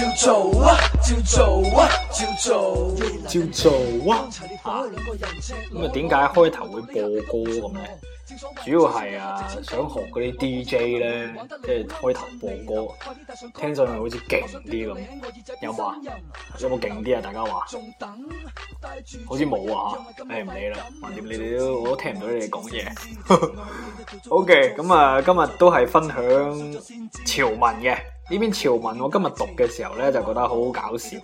照做啊！照做啊！照做！照做啊！吓，咁啊，點解、啊啊啊啊、開頭會播歌咁咧？主要係啊，想學嗰啲 DJ 咧，即係開頭播歌，聽上去好似勁啲咁。有冇啊？有冇勁啲啊？大家話？好似冇啊吓？誒，唔理啦。橫掂你哋都我都聽唔到你哋講嘢。好嘅，咁、okay, 啊、嗯，今日都係分享潮文嘅。呢篇潮文，我今日讀嘅時候咧，就覺得好搞笑，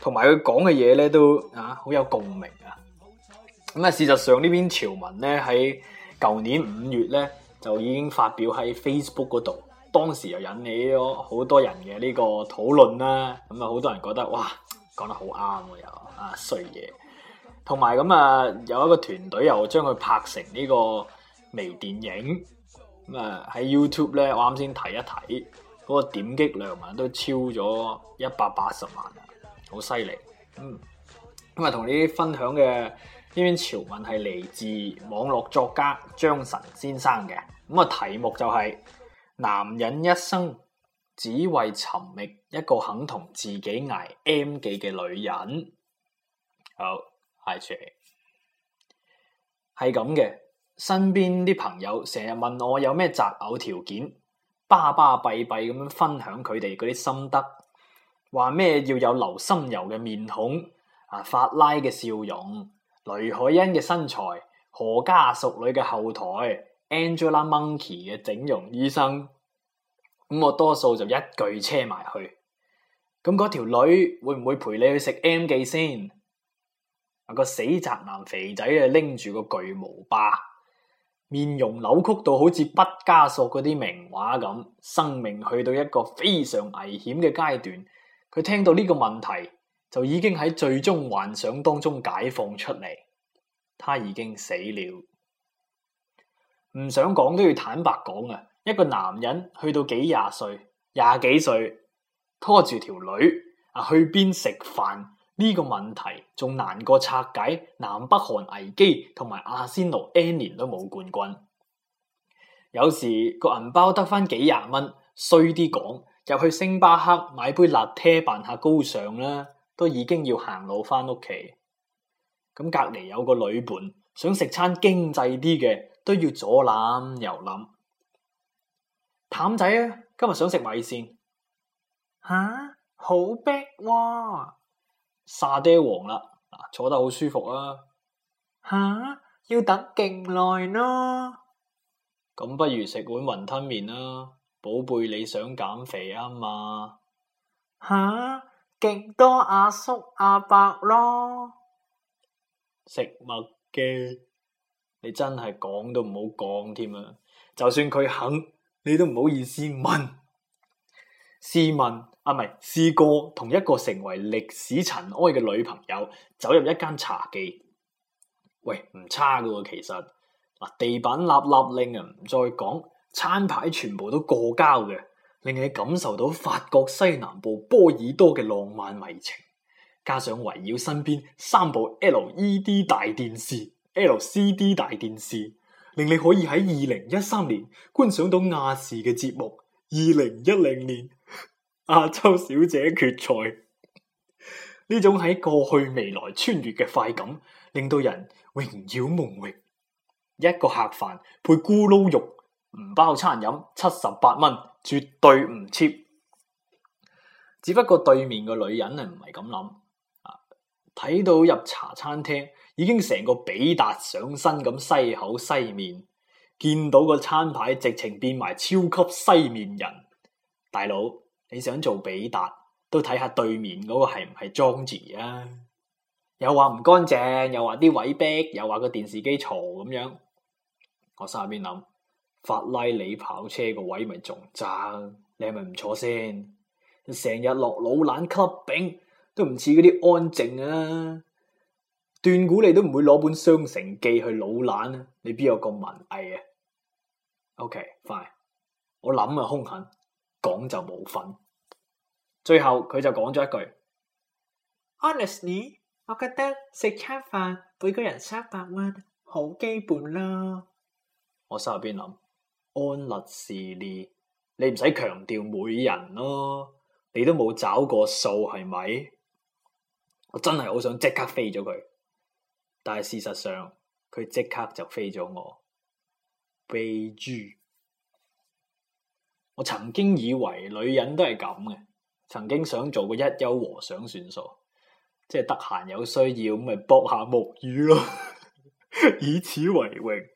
同埋佢講嘅嘢咧都啊好有共鳴啊。咁啊，事實上呢篇潮文咧喺舊年五月咧就已經發表喺 Facebook 嗰度，當時又引起咗好多人嘅呢個討論啦。咁啊，好多人覺得哇，講得好啱喎，又啊衰嘢。同埋咁啊，有一個團隊又將佢拍成呢個微電影咁啊，喺 YouTube 咧，我啱先睇一睇。嗰個點擊量啊都超咗一百八十萬啊，好犀利。咁、嗯、啊，同你分享嘅呢篇潮文係嚟自網絡作家張晨先生嘅。咁啊，題目就係、是、男人一生只為尋覓一個肯同自己捱 M 記嘅女人。好，係住，係咁嘅。身邊啲朋友成日問我有咩擇偶條件。巴巴閉閉咁樣分享佢哋嗰啲心得，話咩要有劉心柔嘅面孔，啊法拉嘅笑容，雷海恩嘅身材，何家淑女嘅後台，Angela Monkey 嘅整容醫生，咁我多數就一句車埋去，咁嗰條女會唔會陪你去食 M 記先？啊、個死宅男肥仔啊拎住個巨無霸。面容扭曲到好似畢加索嗰啲名畫咁，生命去到一個非常危險嘅階段。佢聽到呢個問題，就已經喺最終幻想當中解放出嚟。他已經死了，唔想講都要坦白講啊！一個男人去到幾廿歲、廿幾歲，拖住條女啊，去邊食飯？呢個問題仲難過拆解南北韓危機，同埋阿仙奴 n 年都冇冠軍。有時個銀包得翻幾廿蚊，衰啲講入去星巴克買杯拿鐵，扮下高尚啦，都已經要行路翻屋企。咁隔籬有個女伴想食餐經濟啲嘅，都要左諗右諗。淡仔啊，今日想食米線。吓，好逼喎！沙爹王啦，坐得好舒服啊！吓、啊，要等勁耐咯。咁、啊、不如食碗雲吞麵啦，寶貝你想減肥啊嘛？吓、啊，勁多阿叔阿伯咯。食物嘅，你真係講都唔好講添啊！就算佢肯，你都唔好意思問。試問？啊，唔係，試過同一個成為歷史塵埃嘅女朋友，走入一間茶記。喂，唔差㗎喎，其實嗱，地板立立令人唔再講餐牌全部都過膠嘅，令你感受到法國西南部波爾多嘅浪漫迷情。加上圍繞身邊三部 LED 大電視、LCD 大電視，令你可以喺二零一三年觀賞到亞視嘅節目。二零一零年。亞洲小姐決賽，呢種喺過去未來穿越嘅快感，令到人榮耀夢榮。一個客飯配咕嚕肉，唔包餐飲，七十八蚊，絕對唔 cheap。只不過對面嘅女人係唔係咁諗？啊，睇到入茶餐廳，已經成個比達上身咁西口西面，見到個餐牌，直情變埋超級西面人，大佬。你想做比達都睇下對面嗰個係唔係莊住啊？又話唔乾淨，又話啲位逼，又話個電視機嘈咁樣。我心入邊諗，法拉利跑車個位咪仲渣？你係咪唔坐先？成日落老懶吸餅，都唔似嗰啲安靜啊！斷估你都唔會攞本《雙城記》去老懶啊？你邊有咁文藝啊？OK，快，我諗啊，兇狠。講就冇份，最後佢就講咗一句：Honestly，我覺得食餐飯，每個人三百蚊好基本啦。我心入邊諗，安立事利，你唔使強調每人咯，你都冇找過數係咪？我真係好想即刻飛咗佢，但係事實上佢即刻就飛咗我，飛豬。我曾經以為女人都係咁嘅，曾經想做個一休和尚算數，即係得閒有需要咁咪博下木魚咯， 以此為榮。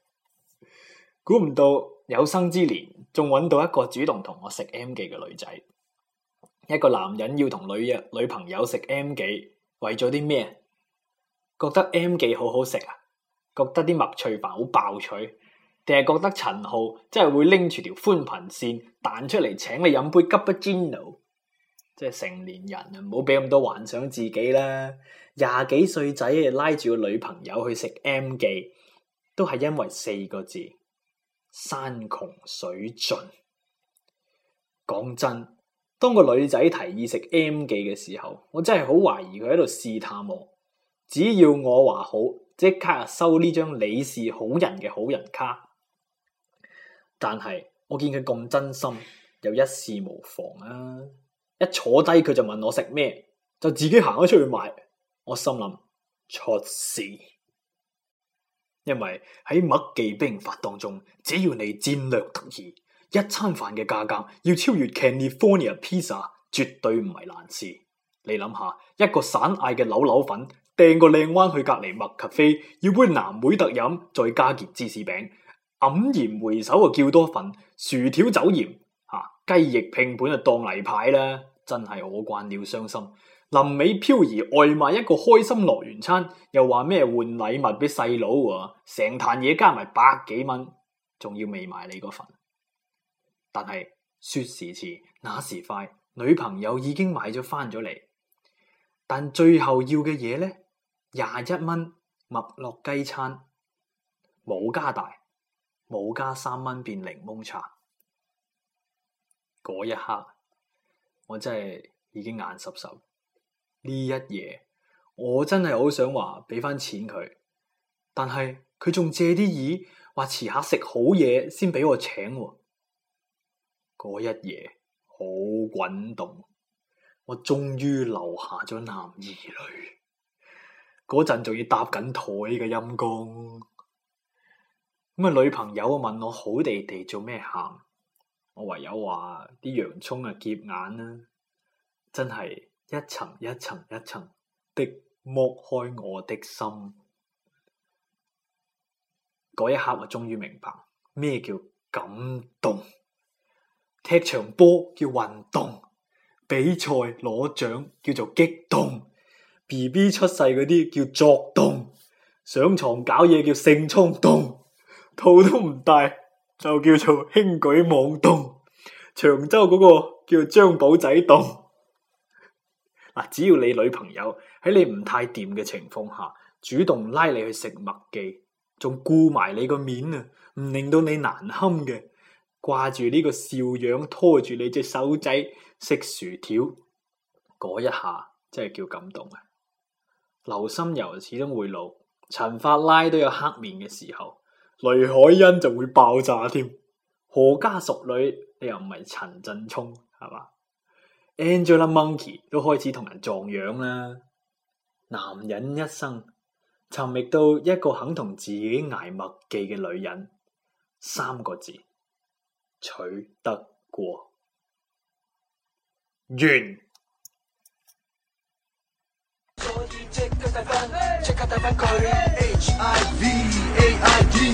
估唔到有生之年仲揾到一個主動同我食 M 記嘅女仔，一個男人要同女人女朋友食 M 記，為咗啲咩？覺得 M 記好好食啊，覺得啲麥脆飯好爆脆。定係覺得陳浩真係會拎住條寬頻線彈出嚟，請你飲杯 cappuccino，即係成年人啊，唔好俾咁多幻想自己啦。廿幾歲仔拉住個女朋友去食 M 記，都係因為四個字山窮水盡。講真，當個女仔提議食 M 記嘅時候，我真係好懷疑佢喺度試探我。只要我話好，即刻收呢張你是好人嘅好人卡。但係我見佢咁真心，又一事無妨啊！一坐低佢就問我食咩，就自己行咗出去買。我心諗出事，因為喺麥記兵法當中，只要你戰略得宜，一餐飯嘅價格要超越 California Pizza，絕對唔係難事。你諗下，一個散嗌嘅扭扭粉，掟個靚彎去隔籬麥咖啡，要杯藍莓特飲，再加件芝士餅。黯然回首啊，叫多份薯條、走、啊、鹽、吓雞翼拼盤就當泥牌啦，真係我慣了傷心。臨尾飄移外賣一個開心樂園餐，又話咩換禮物俾細佬，成壇嘢加埋百幾蚊，仲要未埋你個份。但係說時遲，那時快，女朋友已經買咗翻咗嚟，但最後要嘅嘢呢？廿一蚊麥樂雞餐冇加大。冇加三蚊變檸檬茶，嗰一刻我真係已經眼濕濕。呢一夜，我真係好想話畀返錢佢，但係佢仲借啲意話遲下食好嘢先畀我請。嗰一夜好滾動，我終於留下咗男兒女。嗰陣仲要搭緊台嘅陰公。咁啊！女朋友問我好地地做咩喊，我唯有話啲洋蔥啊夾眼啦，真係一層一層一層的剝開我的心。嗰一刻我終於明白咩叫感動。踢場波叫運動，比賽攞獎叫做激動，BB 出世嗰啲叫作動，上床搞嘢叫性衝動。套都唔戴，就叫做輕舉妄動。長洲嗰個叫張寶仔洞，啊， 只要你女朋友喺你唔太掂嘅情況下，主動拉你去食麥記，仲顧埋你個面啊，唔令到你難堪嘅，掛住呢個笑樣，拖住你隻手仔食薯條，嗰一下真係叫感動啊！劉心悠始終會老，陳法拉都有黑面嘅時候。雷海恩就會爆炸添，何家淑女你又唔係陳振聰係咪？Angela Monkey 都開始同人撞樣啦。男人一生尋覓到一個肯同自己捱默記嘅女人，三個字取得過。完。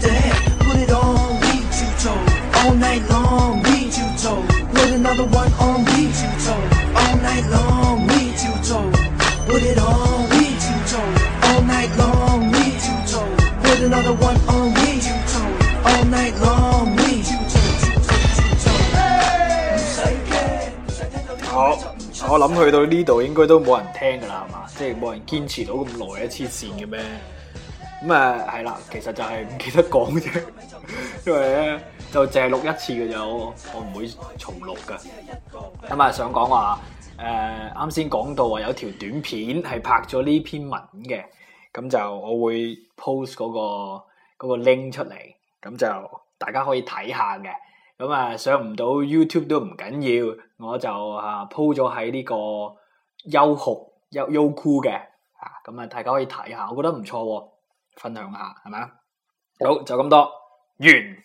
我我諗去到呢度應該都冇人聽噶啦，係嘛？即係冇人堅持到咁耐一次線嘅咩？咁誒係啦，其實就係唔記得講啫，因為咧就淨係錄一次嘅咋，我唔會重錄噶。咁、嗯、啊、嗯，想講話誒，啱先講到話，有條短片係拍咗呢篇文嘅，咁就我會 post 嗰、嗰個嗰、嗰個 link 出嚟，咁就大家可以睇下嘅。咁啊，上唔到 YouTube 都唔緊要，我就啊鋪咗喺呢個優酷、優優酷嘅，啊咁啊大家可以睇下，我覺得唔錯啊，分享下係咪啊？好，就咁多，完。